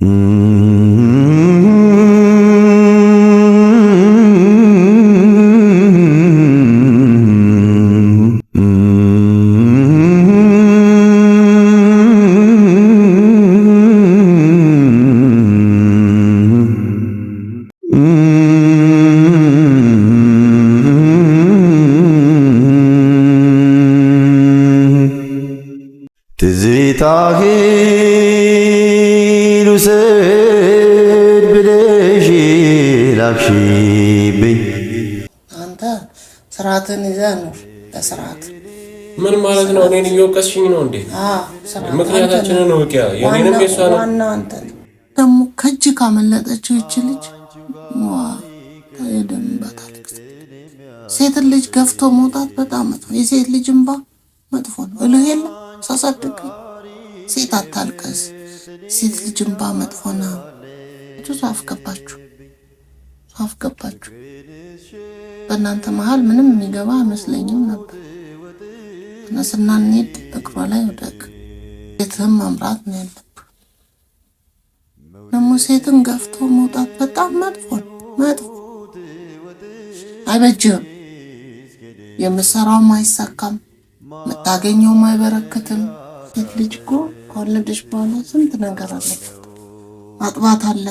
Mm. ነው? እኔን እየወቀስሽኝ ነው እንዴ? ምክንያታችንን ወቂያ የኔንም የሷ ነው። ደግሞ ከእጅ ካመለጠችው ይች ልጅ ደምባታል። ሴትን ልጅ ገፍቶ መውጣት በጣም መጥፎ፣ የሴት ልጅ እንባ መጥፎ ነው። እልህ የለም ሳሳድግ ሴት አታልቀስ፣ ሴት ልጅ እንባ መጥፎ ነው። አፍገባችሁ አፍገባችሁ። በእናንተ መሀል ምንም የሚገባ አይመስለኝም ነበር። ነስና እንሂድ እግሯ ላይ ውደቅ። ቤትህም መምራት ነው ያለብህ። ደግሞ ሴትን ገፍቶ መውጣት በጣም መጥፎ መጥፎ አይበጅም። የምሰራውም አይሳካም፣ የምታገኘውም አይበረክትም። ሴት ልጅ እኮ ከወለደች በኋላ ስንት ነገር አለበት። ማጥባት አለ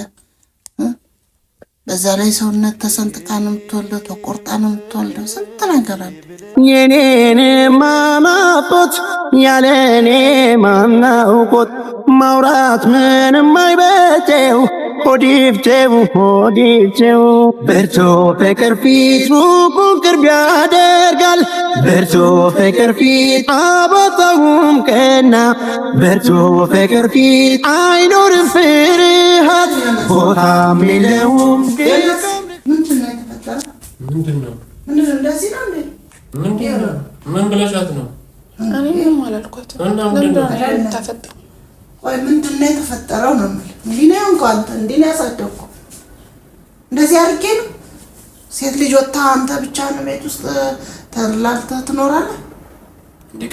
በዛ ላይ ሰውነት ተሰንጥቃ ነው የምትወልደው፣ ተቆርጣ ነው የምትወልደው። ስንት ነገር አለ። የኔን ማናውቆት ማናውቆት ማውራት ምንም አይበቴው ሆዲፍቴው ሆዲፍቴው በርቶ ፍቅር ፊት ሩቁን ቅርብ ያደርጋል። በርቶ ፍቅር ፊት አባታውም ቀና በርቶ ፍቅር ፊት አይኖርም ፍርሃት ቦታ ሚለውም ነው? ምን ብለሻት ነው? እኔ ምንም አላልኳትም። ለምንድን ነው የምታፈጥነው? ወይ ምንድን ነው የተፈጠረው ነው የምልህ። እንዲህ ነው ያንኳ አንተ እንዲህ ነው ያሳደግኩ እንደዚህ አድርጌ ነው ሴት ልጅ ወታ አንተ ብቻህን ቤት ውስጥ ተላልተህ ትኖራለህ።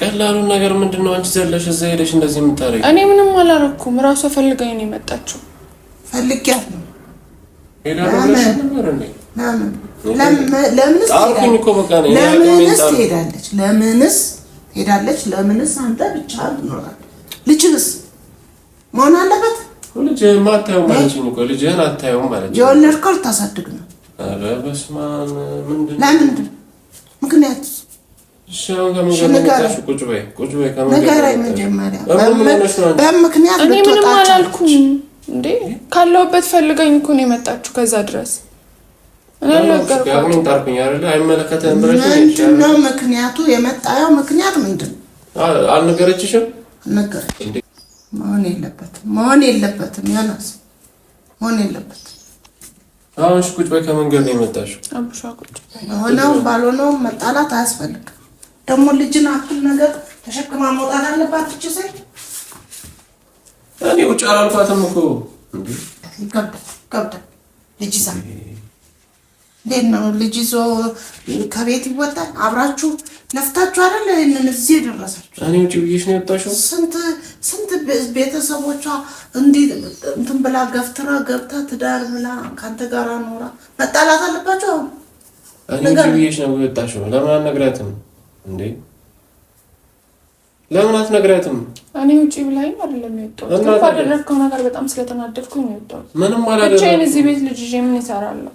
ቀላሉን ነገር ምንድን ነው አንቺ ዘለሽ እዛ ሄደሽ እንደዚህ የምታደርጊው? እኔ ምንም አላደረኩም። ራሷ ፈልጋኝ ነው የመጣችው። ፈልጊያት ነው ለምንስ ትሄዳለች? ለምንስ ትሄዳለች? ለምንስ አንተ ብቻህን ትኖራለህ? ልጅንስ መሆን አለበት። ልጅህን አታየውም ማለችኝ እኮ ልጅህን አታየውም ማለችኝ። የወለድከው ልታሳድግ ነው። ኧረ በስመ አብ ምንድን ለምንድን እኔ ምንም አላልኩም ካለሁበት ፈልገኝ እኮ ነው የመጣችሁ ከዛ ድረስ ምክንያቱ? የመጣው ምክንያት ምንድን ነው? አልነገረችሽም? ነገረች መሆን የለበትም መሆን የለበትም ዮናስ መሆን የለበትም። አሁን እሺ ቁጭ በይ። ከመንገድ ነው የመጣሽው። ሆነውም ባልሆነውም መጣላት አያስፈልግም። ደግሞ ልጅን አክል ነገር ተሸክማ መውጣት አለባት። እኔ ውጭ አላልኳትም እኮ ልጅ ይዛ እንዴት ነው ልጅ ይዞ ከቤት ይወጣል? አብራችሁ ለፍታችሁ አይደል ይህንን እዚህ የደረሳችሁ? እኔ ውጭ ብዬሽ ነው የወጣሽው። ስንት ስንት ቤተሰቦቿ እንዲህ እንትን ብላ ገፍትራ ገብታ ትዳር ብላ ከአንተ ጋር ኖራ መጣላት አለባቸው። አሁን እኔ ውጭ ብዬሽ ነው የወጣሽው። ለምን አትነግራትም እንዴ? ለምን አትነግራትም? እኔ ውጭ ብላኝ አይደለም የወጣሁት። ባደረግከው ነገር በጣም ስለተናደድኩኝ ነው የወጣሁት። ምንም አላደረግኩም። ብቻዬን እዚህ ቤት ልጅ ምን ይሰራለሁ?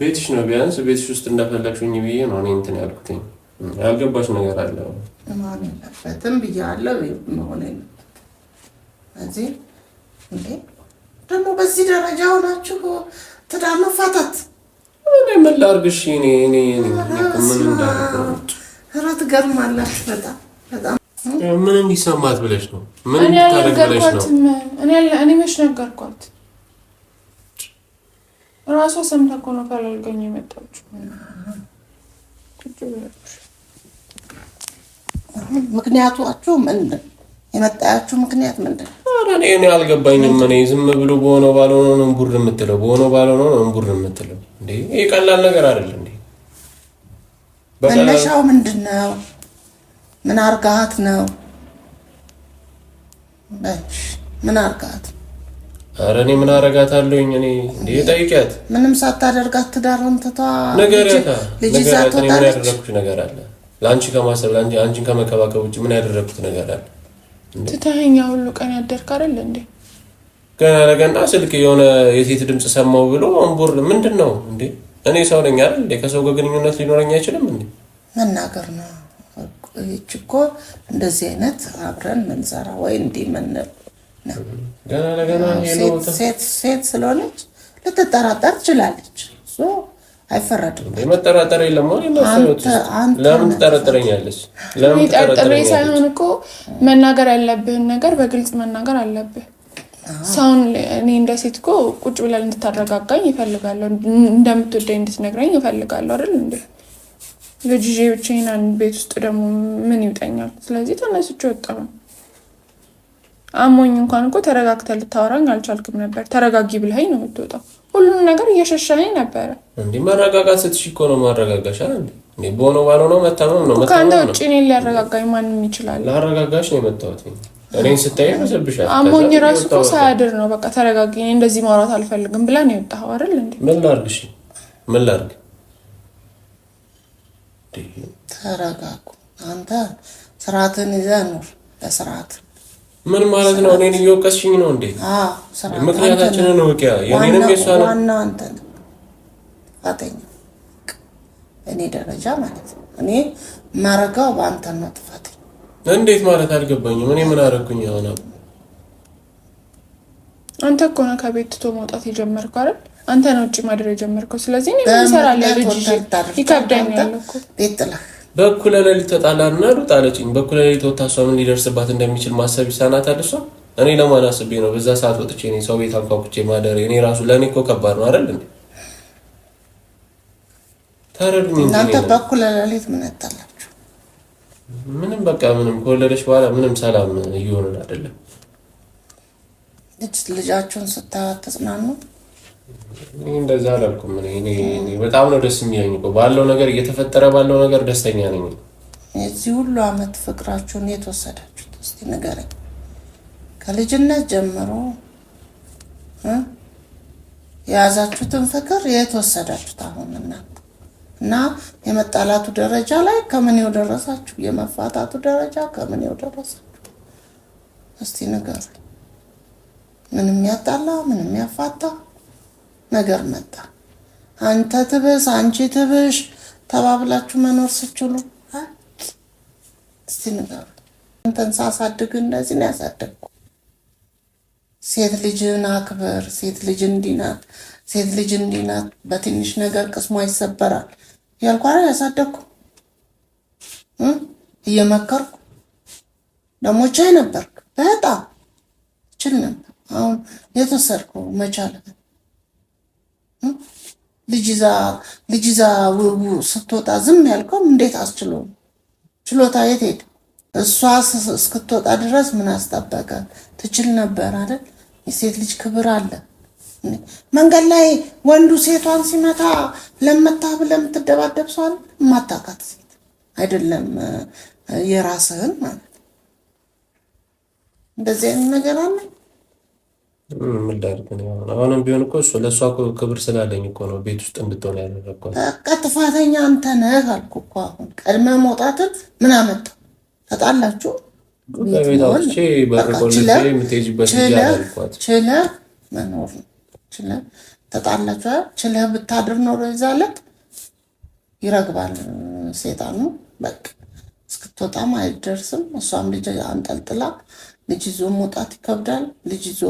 ቤትሽ ነው። ቢያንስ ቤትሽ ውስጥ እንደፈለግሽኝ ብዬ ነው እኔ እንትን ያልኩትኝ። ያልገባሽ ነገር አለ ማለበትም ብዬ አለ መሆነ እዚህ እንዴ ደግሞ በዚህ ደረጃ ሆናችሁ ትዳር መፋታት እኔ ምን ላድርግሽ? እኔ እኔ ምን እንዳደርግ ኧረ ትገርማላችሁ በጣም በጣም ምን እንዲሰማት ብለሽ ነው? ምን ታደርግ ብለሽ ነው? እኔ መች ነገርኳት እራሷ ሰምታ እኮ ነው ካላልገኝ የመጣችው። ምክንያቱ ምንድን የመጣያችሁ ምክንያት ምንድን? እኔ አልገባኝም። እኔ ዝም ብሎ በሆነው ባልሆነው ነው እምቡር የምትለው፣ በሆነው ባልሆነው ነው እምቡር የምትለው። እንዴ ይህ ቀላል ነገር አይደል እንዴ? መነሻው ምንድን ነው? ምን አርጋት ነው? ምን አርጋት ኧረ እኔ ምን አረጋታለሁኝ? እኔ እንዴ ጠይቂያት። ምንም ሳታደርጋት ትዳሩን ትቷ ነገርያታ ነገርያታ። ያደረግኩት ነገር አለ? ለአንቺ ከማሰብ ለአንቺ አንቺን ከመከባከብ ውጭ ምን ያደረግኩት ነገር አለ? ትተኸኛ ሁሉ ቀን ያደርክ አይደል እንዴ? ገና ነገና ስልክ የሆነ የሴት ድምፅ ሰማው ብሎ አንቡር ምንድን ነው እንዴ? እኔ ሰው ነኝ አይደል እንዴ? ከሰው ጋር ግንኙነት ሊኖረኝ አይችልም እንዴ? መናገር ነው። ይህች እኮ እንደዚህ አይነት አብረን ምንሰራ ወይ እንዲህ ምንል ሴት ስለሆነች ልትጠራጠር ትችላለች። አይፈረድም። የለም። ጠርጥሬ ሳይሆን እኮ መናገር ያለብህን ነገር በግልጽ መናገር አለብህ። ሰውን እኔ እንደ ሴት እኮ ቁጭ ብለን እንድታረጋጋኝ ይፈልጋለሁ። እንደምትወደኝ እንድትነግረኝ ይፈልጋለሁ። አይደል እንዴ? ልጅ ብቻዬን ቤት ውስጥ ደግሞ ምን ይውጠኛል? ስለዚህ ተነስቼ ወጣሁ። አሞኝ እንኳን እኮ ተረጋግተ ልታወራኝ አልቻልክም ነበር። ተረጋጊ ብለኸኝ ነው የምትወጣው። ሁሉም ነገር እየሸሸኸኝ ነበረ። እንዲህ መረጋጋት ስትሽ እኮ ነው ማረጋጋሻ። በሆነ ባልሆነው መታመም ነው። ከአንተ ውጭ እኔን ሊያረጋጋኝ ማንም ይችላል። ላረጋጋሽ ነው የመታወት። እኔን ስታይ መስብሻል። አሞኝ ራሱ እኮ ሳያድር ነው በቃ ተረጋጊ፣ እኔ እንደዚህ ማውራት አልፈልግም ብላ ነው የወጣኸው አይደል? እንዲ ምን ላርግሽ? ምን ላርግ? ተረጋጉ። አንተ ስርዓትን ይዘህ ኑር በስርዓት ምን ማለት ነው? እኔን እየወቀስሽኝ ነው እንዴ? ምክንያታችንን ወቂያ የኔንም የሷ ነው ዋናው አንተ ጥፋተኛ እኔ ደረጃ ማለት ነው። እኔ ማረጋው በአንተ ነው ጥፋተኛ። እንዴት ማለት አልገባኝም። እኔ ምን አደረኩኝ? የሆነ አንተ እኮ ነው ከቤት ትቶ መውጣት የጀመርከው አይደል? አንተ ነው ውጭ ማድረግ የጀመርከው። ስለዚህ እኔ ምን ሰራለሁ? ልጅ ይከብዳኛል እኮ ቤት ጥላ በእኩለ ሌሊት ተጣላና እና ሩጥ አለችኝ። በእኩለ ሌሊት ወጥታ እሷ ምን ሊደርስባት እንደሚችል ማሰብ ይሳናታል። እሷ እኔ ለማን አስቤ ነው በዛ ሰዓት ወጥቼ እኔ ሰው ቤት አንኳኩቼ ማደር? እኔ ራሱ ለእኔ እኮ ከባድ ነው አይደል እንዴ? ታረዱኝ። እናንተ በእኩለ ሌሊት ምን ያጣላችሁ? ምንም በቃ ምንም። ከወለደች በኋላ ምንም ሰላም እየሆንን አይደለም። ልጅ ልጃችሁን ስታዩት ተጽናኑ። እንደዛ አላልኩም። እኔ በጣም ነው ደስ የሚለኝ ባለው ነገር እየተፈጠረ ባለው ነገር ደስተኛ ነኝ። የዚህ ሁሉ አመት ፍቅራችሁን የተወሰዳችሁት እስቲ ንገረኝ። ከልጅነት ጀምሮ የያዛችሁትን ፍቅር የተወሰዳችሁት አሁን እና እና የመጣላቱ ደረጃ ላይ ከምኔው ደረሳችሁ? የመፋታቱ ደረጃ ከምኔው ደረሳችሁ? እስቲ ንገረኝ። ምንም ያጣላ ምንም ያፋታ ነገር መጣ። አንተ ትብስ፣ አንቺ ትብሽ ተባብላችሁ መኖር ስችሉ እስቲ ንገሩ። አንተን ሳሳድግ እንደዚህ ነው ያሳደግኩ። ሴት ልጅን አክብር፣ ሴት ልጅ እንዲናት፣ ሴት ልጅ እንዲናት፣ በትንሽ ነገር ቅስሟ ይሰበራል ያልኳራ ያሳደግኩ እየመከርኩ ደግሞ ቻይ ነበርክ፣ በጣም ችል ነበር። አሁን የተሰርኩ መቻልበት ልጅዛ ውቡ ስትወጣ ዝም ያልከው እንዴት አስችሎ ችሎታ የት ሄድ? እሷ እስክትወጣ ድረስ ምን አስጠበቀ? ትችል ነበር አይደል? የሴት ልጅ ክብር አለ። መንገድ ላይ ወንዱ ሴቷን ሲመታ ለመታ ብለህ የምትደባደብ ሰው የማታውቃት ሴት አይደለም የራስህን ማለት እንደዚህ አይነት ነገር አለ። ምን ላድርግ ነው? አሁንም ቢሆን እኮ እሱ ለእሷ ክብር ስላለኝ እኮ ነው ቤት ውስጥ እንድትሆን ያደረግኩት። በቃ ጥፋተኛ አንተ ነህ አልኩ እኮ። አሁን ቀድመ መውጣትን ምን አመጣ? ተጣላችሁ ችለህ መኖር ነው። ተጣላችሁ ችለ ብታድር ኖሮ ይዛለት ይረግባል ሴጣኑ። በቃ እስክትወጣም አይደርስም። እሷም ልጅ አንጠልጥላ ልጅ ይዞ መውጣት ይከብዳል። ልጅ ይዞ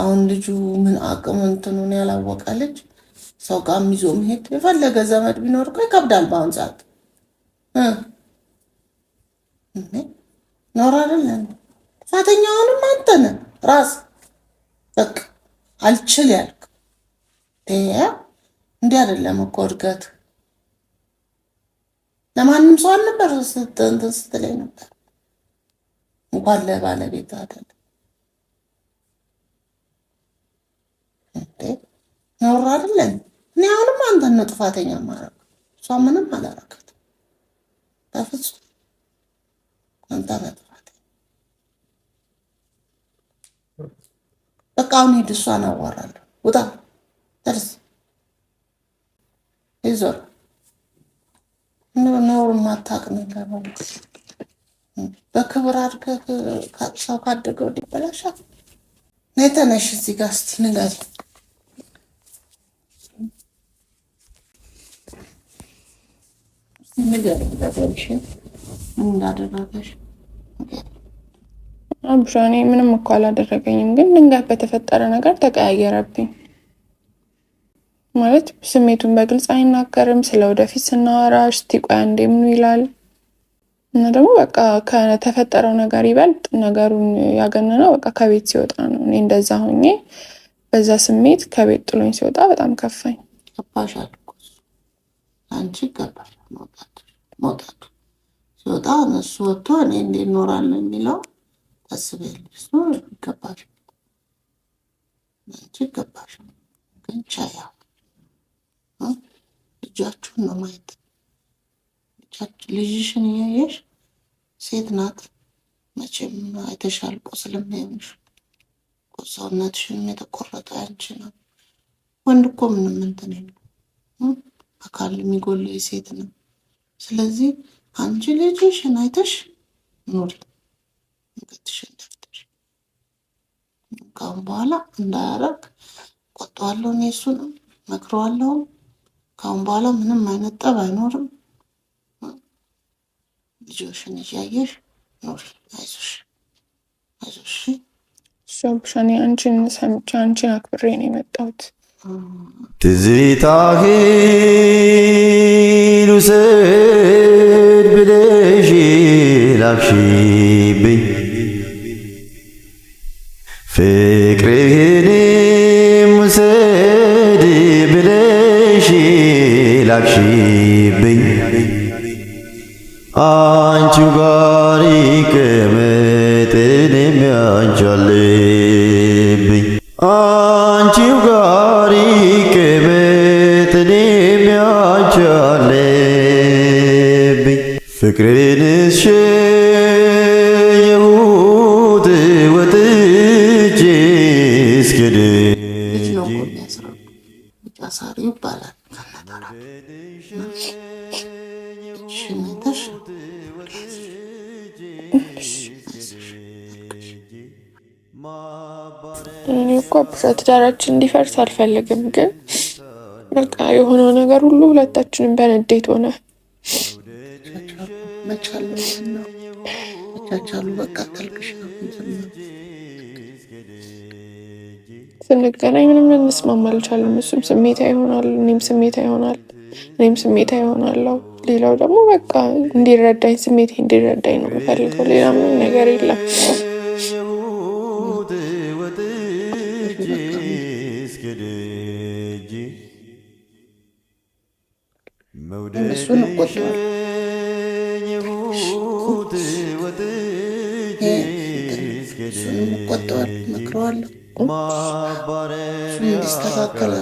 አሁን ልጁ ምን አቅም እንትኑን ያላወቀ ልጅ ሰው ጋር ይዞ መሄድ የፈለገ ዘመድ ቢኖር እኮ ይከብዳል። በአሁን ሰዓት ኖር አይደለን ጥፋተኛ አሁንም አንተ ራስ በቃ አልችል ያልክ እንዲህ አይደለም እኮ እድገት ለማንም ሰው አልነበር ስትለኝ ነበር እንኳን ለባለቤት አይደለም እንዴ ነውር አይደለም። እኔ አሁንም አንተን ነው ጥፋተኛ ማረግ። እሷ ምንም አላረከት በፍጹም አንተ ነህ ጥፋተኛ። በቃ አሁን ሂድ፣ እሷን አዋራለሁ። ውጣ ደርስ ይዞር ነውር ማታቅ ነገር ማለት በክብር አድርገህ ሰው ካደገው እንዲበላሻ ነይ ተነሽ፣ እዚህ ጋር እስኪ ንገሪ። አብሻ እኔ ምንም እኮ አላደረገኝም፣ ግን ድንገት በተፈጠረ ነገር ተቀያየረብኝ። ማለት ስሜቱን በግልጽ አይናገርም። ስለ ወደፊት ስናወራ ስቲ ቆይ አንዴ ምኑ ይላል እና ደግሞ በቃ ከተፈጠረው ነገር ይበልጥ ነገሩን ያገነነው በቃ ከቤት ሲወጣ ነው። እኔ እንደዛ ሆኜ በዛ ስሜት ከቤት ጥሎኝ ሲወጣ በጣም ከፋኝ። ገባሽ አንቺ ገባሽ መውጣቱ ሲወጣ እነሱ ወጥቶ እኔ እንዴት እኖራለሁ የሚለው ታስቢያለሽ። ገባሽ አንቺ ገባሽ፣ ግን ቻያ ልጃችሁን ነው ማየት ልጅሽን እያየሽ ሴት ናት መቼም አይተሻል። ቁስልም የሚሽ ሰውነትሽም የተቆረጠ አንቺ ነው። ወንድ እኮ ምንም እንትን የለም አካል የሚጎለው የሴት ነው። ስለዚህ አንቺ ልጅሽን አይተሽ ኑሪ፣ ምክትሽን ደፍተሽ ካሁን በኋላ እንዳያረግ ቆጠዋለሁ፣ እኔ እሱንም መክረዋለሁ። ካሁን በኋላ ምንም አይነት ጠብ አይኖርም። ልጆሽን እያየሽ ኖሪ። አይዞሽ አይዞሽ። ሻኔ አንቺን ሰምቼ አንቺን አክብሬ ነው የመጣሁት። ትዝታህ ልውሰድ ብለሽ ላክሽብኝ ፍቅርህን ውሰድ ብለሽ ላክሽ አንቺ ጋር ይቀመጥ እኔም ያንቺ አለብኝ አንቺ ጋር ይቀመጥ ትዳራችን እንዲፈርስ አልፈልግም። ግን በቃ የሆነው ነገር ሁሉ ሁለታችንም በንዴት ሆነ። ስንገናኝ ምንም ልንስማማ አልቻልም። እሱም ስሜታ ይሆናል፣ እኔም ስሜታ ይሆናል፣ እኔም ስሜታ ይሆናለው። ሌላው ደግሞ በቃ እንዲረዳኝ ስሜቴ እንዲረዳኝ ነው የምፈልገው። ሌላ ምንም ነገር የለም። እነሱን እቆጥባለሁ። እሱንም እመክረዋለሁ እሱ እንዲስተካከል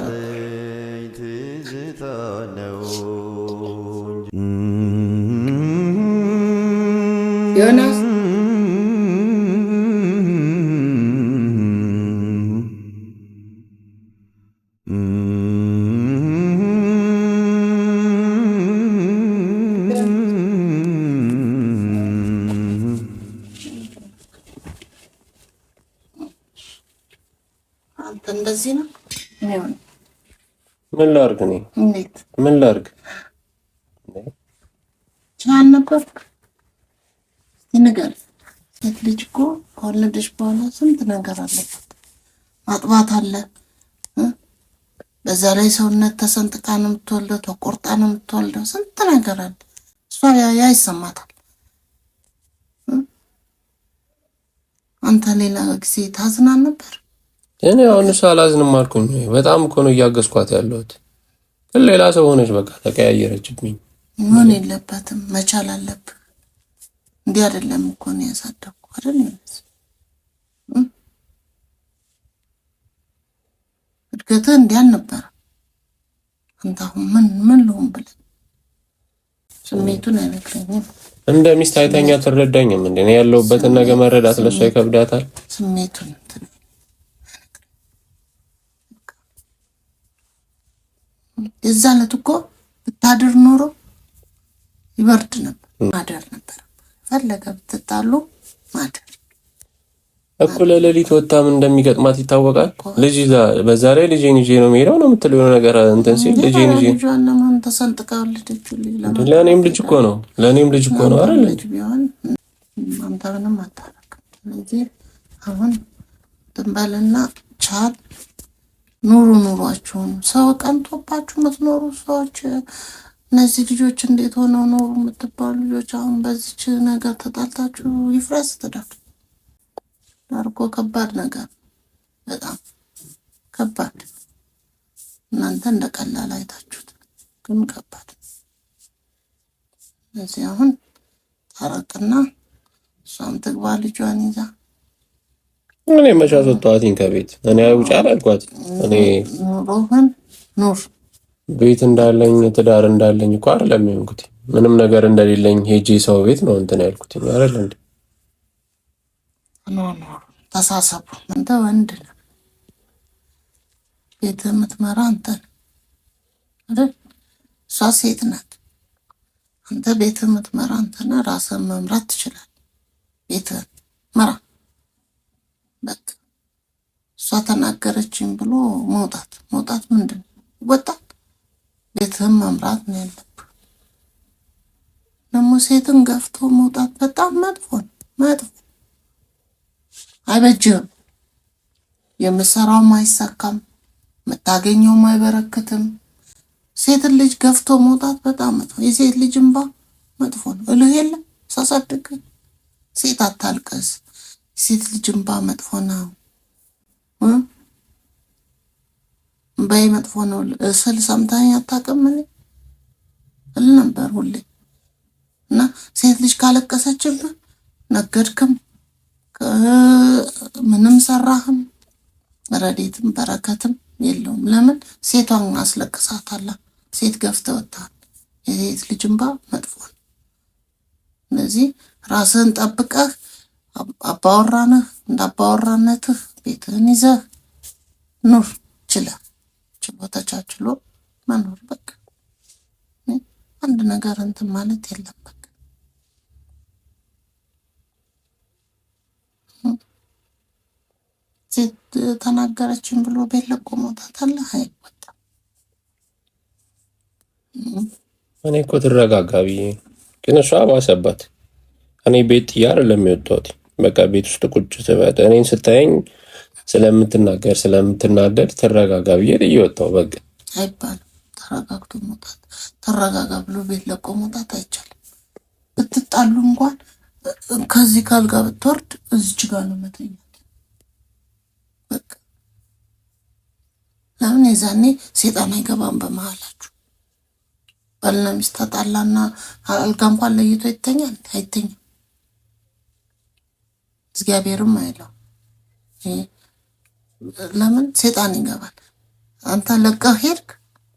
አንተ እንደዚህ ነው። ምን ላድርግ እኔ ምን ላርግ? ቻን ነበር ንገር። ሴት ልጅ እኮ ከወለደች በኋላ ስንት ነገር አለበት። ማጥባት አለ። በዛ ላይ ሰውነት ተሰንጥቃ ነው የምትወልደው፣ ተቆርጣ ነው የምትወልደው። ስንት ነገር አለ። እሷ ያ ይሰማታል። አንተ ሌላ ጊዜ ታዝናን ነበር እኔ አሁን እሱ አላዝንም አልኩኝ። በጣም እኮ ነው እያገዝኳት ያለሁት፣ ግን ሌላ ሰው ሆነች። በቃ ተቀያየረችብኝ። መሆን የለበትም መቻል አለብህ። እንዲህ አይደለም እኮ ነው ያሳደግኩ አይደል? እድገትህ እንዲህ አልነበረ። አንተ አሁን ምን ምን ልሆን ብለህ ስሜቱን አይነግረኝም። እንደ ሚስት አይተኛ ትረዳኝም እንዴ? ያለሁበትን ነገር መረዳት ለእሷ ይከብዳታል። ስሜቱን የዛን ዕለት እኮ ብታድር ኖሮ ይበርድ ነበር፣ ማደር ነበር። ፈለገ ብትጣሉ ማደር እኩለ ሌሊት ወታም እንደሚገጥማት ይታወቃል። ልጅ በዛ ላይ ልጄን ይዤ ነው የምሄደው ነው የምትለው የሆነ ነገር እንትን ሲል ልጄን ይዤ ለእኔም ልጅ እኮ ነው ለእኔም ልጅ እኮ ነው አይደል? አሁን ድንበልና ቻል ኑሩ ኑሯችሁን። ሰው ቀንቶባችሁ የምትኖሩ ሰዎች እነዚህ ልጆች እንዴት ሆነው ኖሩ የምትባሉ ልጆች አሁን በዚች ነገር ተጣልታችሁ ይፍረስ ትዳር አድርጎ ከባድ ነገር በጣም ከባድ። እናንተ እንደ ቀላል አይታችሁት ግን ከባድ። እዚህ አሁን ታረቅና እሷም ትግባ ልጇን ይዛ እኔ መቼ አስወጣኋትኝ ከቤት። እኔ ውጭ አላልኳት። እኔ ቤት እንዳለኝ ትዳር እንዳለኝ እኮ አይደለም የሆንኩት። ምንም ነገር እንደሌለኝ ሄጄ ሰው ቤት ነው እንትን ያልኩት አይደል እንዴ? ተሳሰቡ። አንተ ወንድ ነህ፣ ቤት የምትመራ አንተ አይደል እሷ ሴት ናት። አንተ ቤት የምትመራ አንተ ነህ። ራስን መምራት ትችላለህ ቤትህን ብሎ መውጣት መውጣት ምንድን ወጣት ቤትህም መምራት ነው ያለብህ። ደግሞ ሴትን ገፍቶ መውጣት በጣም መጥፎ መጥፎ አይበጅም። የምሰራውም አይሳካም፣ የምታገኘውም አይበረክትም። ሴትን ልጅ ገፍቶ መውጣት በጣም መጥፎ፣ የሴት ልጅ እንባ መጥፎ ነው። እልህ የለም ሳሳድግ ሴት አታልቀስ፣ የሴት ልጅ እንባ መጥፎ ነው። ባይ መጥፎ ነው ስል ሰምተኸኝ አታውቅም እል ነበር ሁሌ እና ሴት ልጅ ካለቀሰችብህ ነገድክም ምንም ሰራህም ረዴትም በረከትም የለውም። ለምን ሴቷን አስለቅሳታላ? ሴት ገፍተ የሴት ልጅ እንባ መጥፎ ነው። ስለዚህ ራስህን ጠብቀህ አባወራነህ እንደ አባወራነትህ ቤትህን ይዘህ ኑር ችለህ ችሎ ተቻችሎ መኖር በቃ አንድ ነገር እንትን ማለት የለም። በቃ ሴት ተናገረችን ብሎ ቤት ለቆ መውጣት አለ አይቆጣም። እኔ እኮ ትረጋጋ ብዬ ግን እሷ ባሰባት። እኔ ቤት ጥዬ አይደለም የወጣሁት። በቃ ቤት ውስጥ ቁጭ ስበት እኔን ስታየኝ ስለምትናገር ስለምትናደድ ትረጋጋ ብዬ እየወጣው በቃ አይባልም። ተረጋግቶ መውጣት ተረጋጋ ብሎ ቤት ለቆ መውጣት አይቻልም። ብትጣሉ እንኳን ከዚህ ካልጋ ብትወርድ እዚች ጋር ነው መተኛት። በቃ ለምን የዛኔ ሴጣን አይገባም በመሀላችሁ። ባልና ሚስት ተጣላና አልጋ እንኳን ለይቶ ይተኛል አይተኛም። እግዚአብሔርም አይለው ለምን ሴጣን ይገባል? አንተ ለቀህ ሄድክ፣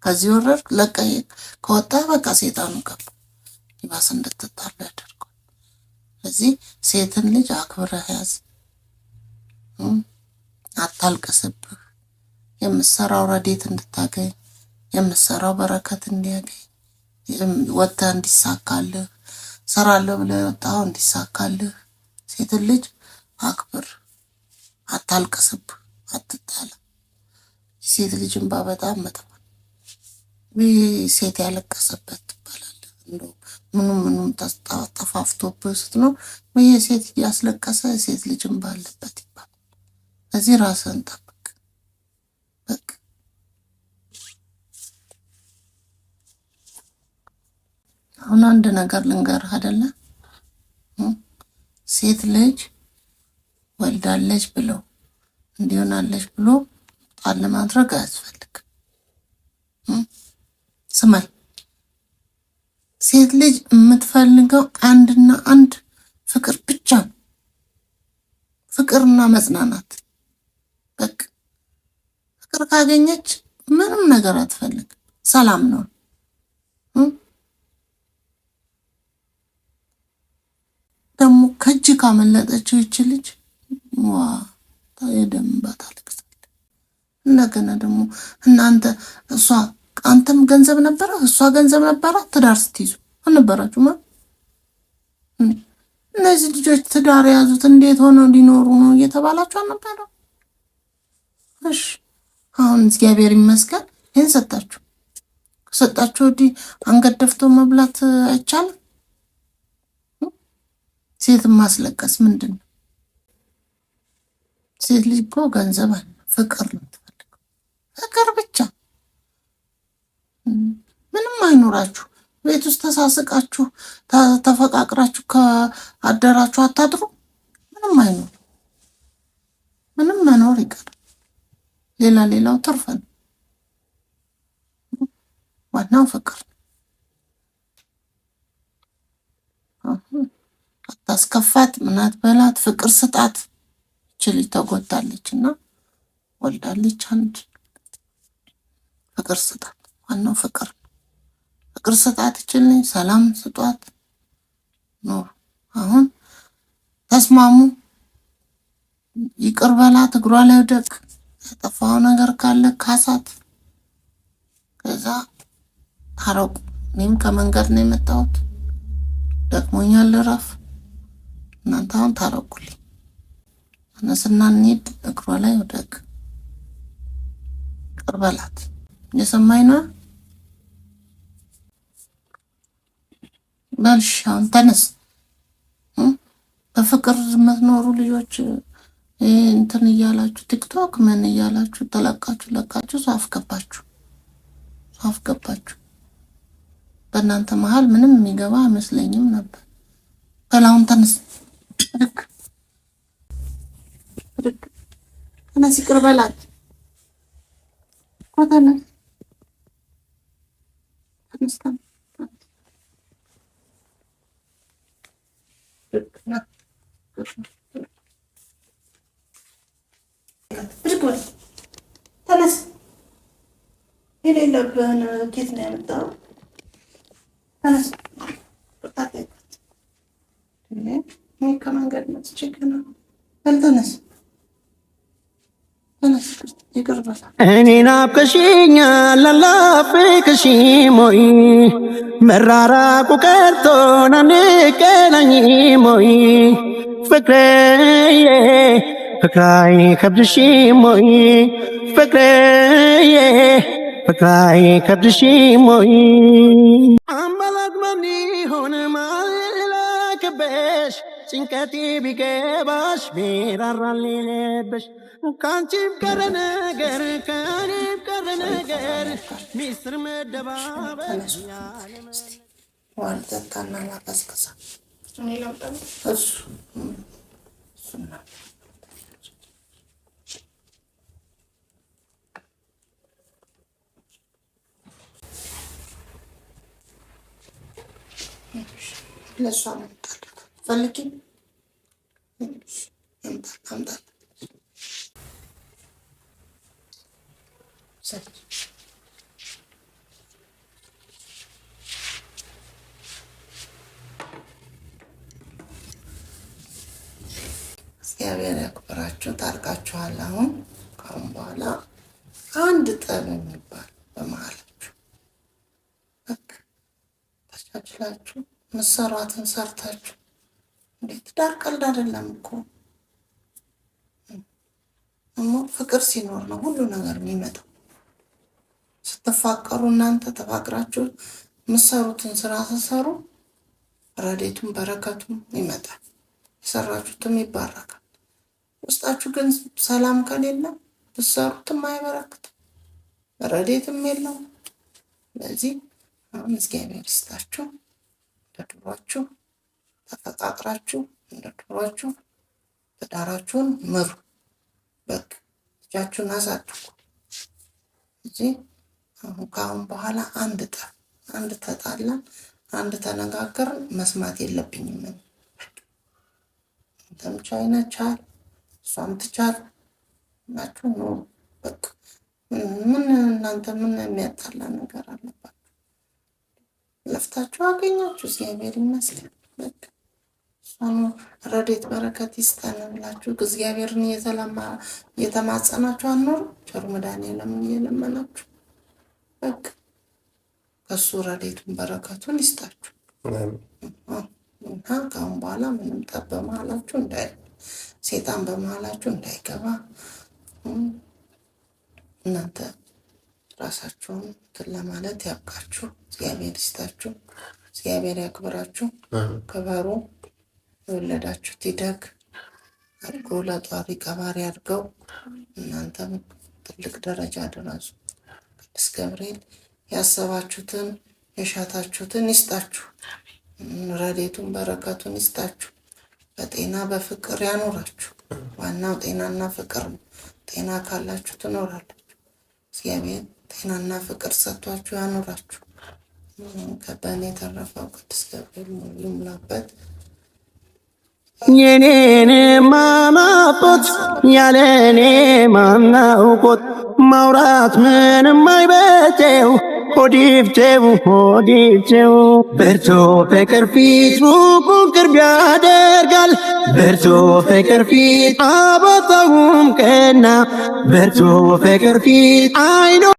ከዚህ ወረድክ፣ ለቀህ ሄድክ። ከወጣ በቃ ሴጣኑ ገባ፣ ይባስ እንድትጣሉ ያደርገዋል። ስለዚህ ሴትን ልጅ አክብረህ ያዝ፣ አታልቅስብህ። የምሰራው ረዴት እንድታገኝ፣ የምሰራው በረከት እንዲያገኝ፣ ወጥተህ እንዲሳካልህ፣ ሰራለሁ ብለህ የወጣኸው እንዲሳካልህ። ሴትን ልጅ አክብር፣ አታልቅስብህ። አትጣላ። የሴት ልጅ እንባ በጣም መጥፎ ሴት ያለቀሰበት ትባላለ። እንደው ምኑ ምኑም ጠፋፍቶብህ ስትኖር ወይ ሴት ያስለቀሰ ሴት ልጅ እንባ አለበት ይባላል። እዚህ ራስህን ጠብቅ። በቃ አሁን አንድ ነገር ልንገርህ አይደለ ሴት ልጅ ወልዳለች ብለው እንዲሆናለች ብሎ ቃል ማድረግ አያስፈልግም። ስማኝ፣ ሴት ልጅ የምትፈልገው አንድና አንድ ፍቅር ብቻ ነው። ፍቅርና መጽናናት በቃ ፍቅር ካገኘች ምንም ነገር አትፈልግም። ሰላም ነው። ደግሞ ከእጅ ካመለጠችው ይች ልጅ ዋ የደም እንባ ታለቅሳለች። እንደገና ደግሞ እናንተ እሷ አንተም ገንዘብ ነበረ እሷ ገንዘብ ነበረ ትዳር ስትይዙ አልነበራችሁ እነዚህ ልጆች ትዳር የያዙት እንዴት ሆነው ሊኖሩ ነው እየተባላችሁ አልነበረ? እሺ አሁን እግዚአብሔር ይመስገን ይህን ሰጣችሁ። ከሰጣችሁ ወዲህ አንገት ደፍቶ መብላት አይቻልም። ሴትን ማስለቀስ ምንድን ነው? ሴት ልጅ እኮ ገንዘብ አለ፣ ፍቅር ነው የምትፈልገው። ፍቅር ብቻ ምንም አይኖራችሁ። ቤት ውስጥ ተሳስቃችሁ ተፈቃቅራችሁ ከአደራችሁ አታድሩ። ምንም አይኖር፣ ምንም መኖር ይቀር። ሌላ ሌላው ትርፍ ነው። ዋናው ፍቅር ነው። አታስከፋት፣ ምናት በላት፣ ፍቅር ስጣት። ችልጅ ተጎታለች እና ወልዳለች። አንድ ፍቅር ስጣት። ዋናው ፍቅር ፍቅር ስጣት፣ ችልኝ ሰላም ስጧት። ኖር አሁን ተስማሙ፣ ይቅር በላት፣ እግሯ ላይ ውደቅ። ያጠፋው ነገር ካለ ካሳት። ከዛ ታረቁ። እኔም ከመንገድ ነው የመጣሁት፣ ደክሞኛል፣ ልረፍ። እናንተ አሁን ታረቁልኝ። አነስና እንሂድ እግሯ ላይ ወደቅ ቅርበላት የሰማኝ ነው። በልሽ አሁን ተነስ። በፍቅር የምትኖሩ ልጆች እንትን እያላችሁ ቲክቶክ ምን እያላችሁ ተለቃችሁ ለቃችሁ ሰው አፍገባችሁ ሰው አፍገባችሁ። በእናንተ መሀል ምንም የሚገባ አይመስለኝም ነበር። በላሁን ተነስ ልክ ተነስ፣ ይቅር በላት እኮ ተነስ። ተነስ። የሌለብህን ኬት ነው ያመጣው። ተነስ። ከመንገድ መጥቼ ገና አልተነስ Ή, ναι, ναι, ναι, ναι, ναι, ναι, που ναι, ναι, ναι, ναι, ναι, ναι, ναι, ναι, ναι, ναι, ναι, ναι, ναι, ναι, ναι, ναι, ναι, ναι, ναι, ጭንቀቴ ቢገባሽ ቢራራልኝ ልብሽ ከአንቺም ቀረ ነገር ከእኔም ቀረ ነገር ሚስጥር መደባበል ለእሷ ነው ፈልጊ እግዚአብሔር ያክብራችሁ። ታርቃችኋል። አሁን ካሁን በኋላ አንድ ጠብ የሚባል በመሀላችሁ ተቻችላችሁ ምሰሯትን ሰርታችሁ ትዳር ቀልድ አይደለም እኮ እሞ ፍቅር ሲኖር ነው ሁሉ ነገር የሚመጣው። ስትፋቀሩ እናንተ ተፋቅራችሁ የምትሰሩትን ስራ ስትሰሩ ረዴቱም በረከቱም ይመጣል፣ የሰራችሁትም ይባረካል። ውስጣችሁ ግን ሰላም ከሌለ ብትሰሩትም አይበረክትም፣ ረዴትም የለውም። ስለዚህ አሁን እግዚአብሔር ይስጣችሁ ለድሯችሁ ተፈጣጥራችሁ እንደ ድሯችሁ ትዳራችሁን ምሩ። በቃ ልጃችሁን አሳድጉ እንጂ አሁን ከአሁን በኋላ አንድ ጠ አንድ ተጣላን፣ አንድ ተነጋገርን መስማት የለብኝም። አንተም ቻይና ቻል፣ እሷም ትቻል ናችሁ ነው በቃ ምን እናንተ ምን የሚያጣላ ነገር አለባችሁ? ለፍታችሁ አገኛችሁ። እግዚአብሔር ይመስገን በቃ ጽኑ ረዴት በረከት ይስጠን ብላችሁ እግዚአብሔርን የተማጸናችሁ አኖሩ ቸሩ መድኃኔዓለም እየለመናችሁ በቃ ከሱ ረዴቱን በረከቱን ይስጣችሁ እና ከአሁን በኋላ ምንም ጠብ በመሀላችሁ እንዳይ ሴጣን በመሀላችሁ እንዳይገባ እናንተ ራሳችሁን እንትን ለማለት ያብቃችሁ። እግዚአብሔር ይስጣችሁ። እግዚአብሔር ያክብራችሁ። ክበሩ። የወለዳችሁት ይደግ አድጎ ለጧሪ ቀባሪ አድርገው እናንተም ትልቅ ደረጃ ድረሱ። ቅዱስ ገብርኤል ያሰባችሁትን የሻታችሁትን ይስጣችሁ። ረዴቱን በረከቱን ይስጣችሁ። በጤና በፍቅር ያኖራችሁ። ዋናው ጤናና ፍቅር ነው። ጤና ካላችሁ ትኖራላችሁ። እግዚአብሔር ጤናና ፍቅር ሰጥቷችሁ ያኖራችሁ። ከበን የተረፈው ቅዱስ ገብርኤል ሙሉ ይሙላበት። የኔን ማናጦት ያለኔ ማናውቆት ማውራት ምንም አይበቴው ሆዲፍቴው ሆዲፍቴው በርቶ ፍቅር ፊት ሩቁን ቅርብ ያደርጋል። በርቶ ፍቅር ፊት አበታውም ቀና በርቶ ፍቅር ፊት አይኖ